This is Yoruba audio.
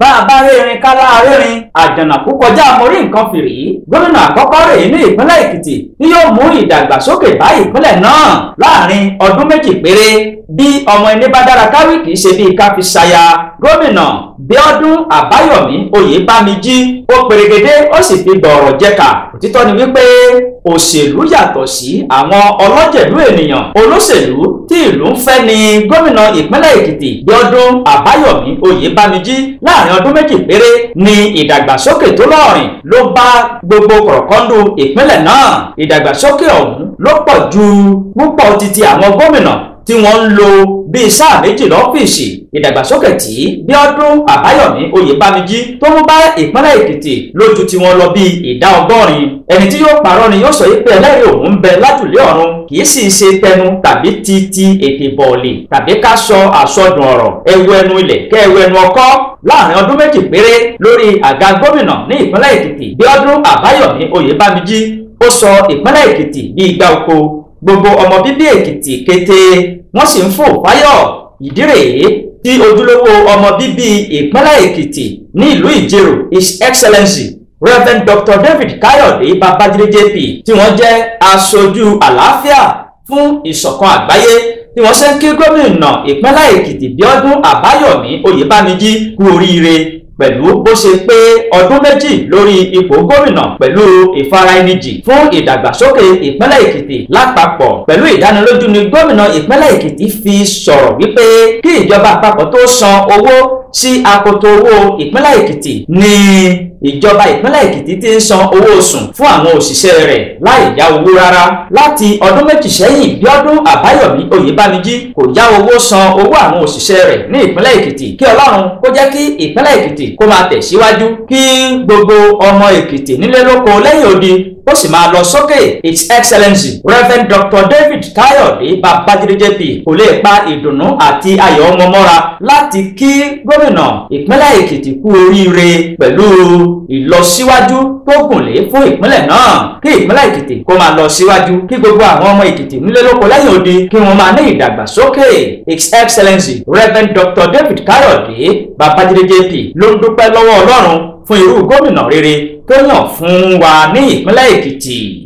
bá a bá rérin kálá rérin àjànàkú kọjá mórí nǹkan fìrí gómìnà àkọ́kọ́ rèé ní ìpínlẹ̀ èkìtì ni yóò mú ìdàgbàsókè bá ìpínlẹ̀ náà láàrin ọdún méjì péré bí ọmọ ẹni bá dára káwí kì í ṣe bí ká fi ṣaya gómìnà bíọ́dún àbáyọ̀mí oyèbámijí ó perégedé ó sì fi gbọ̀ọ̀rọ̀ jẹ́ka òtítọ́ ni wípé òṣèlú yàtọ̀ sí àwọn ọlọ́jẹ̀lú ènìyàn olóṣèlú tí ìlú ń fẹ́ ni gómìnà ìpínlẹ̀ èkìtì bíọ́dún àbáyọ̀mí oyèbámijí láàrin ọdún méjì péré ni ìdàgbàsókè tó lọ́ọ̀rìn ló bá gbogbo kọ̀rọ̀kọ́ndù ìpínlẹ̀ náà ìdàgbàsókè ọ̀hún ló pọ̀ ju púpọ̀ títí àwọn gómìnà tí wọ́n ń lo bíi sáà méjì lọ́fíìsì ìdàgbàsókè tí Bíọ́dún Àbáyọ̀mí Oyèbámijí tó mú bá ìpínlẹ̀ Èkìtì lójú tí wọ́n lọ bíi ìdá ọgọ́rin ẹni tí yóò parọ́ ni yóò sọ yìí pé ẹlẹ́rìí òun ń bẹ lájùlé ọ̀run kì í sì ṣe tẹnu tàbí ti ti ètè bọ̀ọ̀lì tàbí ká sọ àsọdùn ọ̀rọ̀ ẹwu ẹnu ilẹ̀ kẹ́ ẹwu ẹnu ọkọ́ láàrin ọdún méjì péré lórí àga gómìnà ní ìpínlẹ̀ Èkìtì Bíọ́dún Àbáyọ̀mí Oyèbámijí ó sọ ìpínlẹ̀ Èkìtì bíi igbá oko gbogbo ọmọ bíbí èkìtì kété wọ́n sì ń fò fáyọ̀ ìdí rèé tí ojúlówó ọmọ bíbí ìpínlẹ̀ èkìtì ní ìlú ìjerò his excellency reverend dr david káyọ̀dé babájídé jp tí wọ́n jẹ́ aṣojú àlàáfíà fún ìṣọ̀kan àgbáyé tí wọ́n ṣe ń kí gómìnà ìpínlẹ̀ èkìtì bíọ́dún àbáyọ̀mí oyèbámíjí kú oríire pẹ̀lú bó ṣe pé ọdún méjì lórí ipò gómìnà pẹ̀lú ìfaraẹnijì fún ìdàgbàsókè ìpínlẹ̀ èkìtì lápapọ̀ pẹ̀lú ìdánilójú ni gómìnà ìpínlẹ̀ èkìtì fi sọ̀rọ̀ wípé kí ìjọba àpapọ̀ tó san owó sí akoto owó ìpínlẹ̀ èkìtì ní ìjọba ìpínlẹ̀ èkìtì ti ń san owó oṣù fún àwọn òṣìṣẹ́ rẹ̀ láì yá owó rárá láti ọdún méjì sẹ́yìn bíọ́dún àbáyọ̀mí oyèbámíjí kò yá owó san owó àwọn òṣìṣẹ́ rẹ̀ ní ìpínlẹ̀ èkìtì kí ọlọ́run kó jẹ́ kí ìpínlẹ̀ èkìtì kó máa tẹ̀síwájú kí gbogbo ọmọ èkìtì nílé lóko lẹ́yìn odi ó sì máa lọ sókè His Excellency Reverend Dr. David Káyọ̀dé Babájídé JP kò lè pa ìdùnnú àti ayọ̀ ọmọ mọ́ra láti kí gómìnà ìpínlẹ̀ Èkìtì kú oríire pẹ̀lú ìlọsíwájú tó gùnlé fún ìpínlẹ̀ náà kí ìpínlẹ̀ èkìtì kó máa lọ síwájú kí gbogbo àwọn ọmọ èkìtì nílé lóko lẹ́yìn odi kí wọ́n máa ní ìdàgbàsókè his excellency reverend dr david káyọ̀dé babájídé jp ló ń dúpẹ́ lọ́wọ́ ọlọ́run fún irú gómìnà rere tó yàn fún wa ní ìpínlẹ̀ èkìtì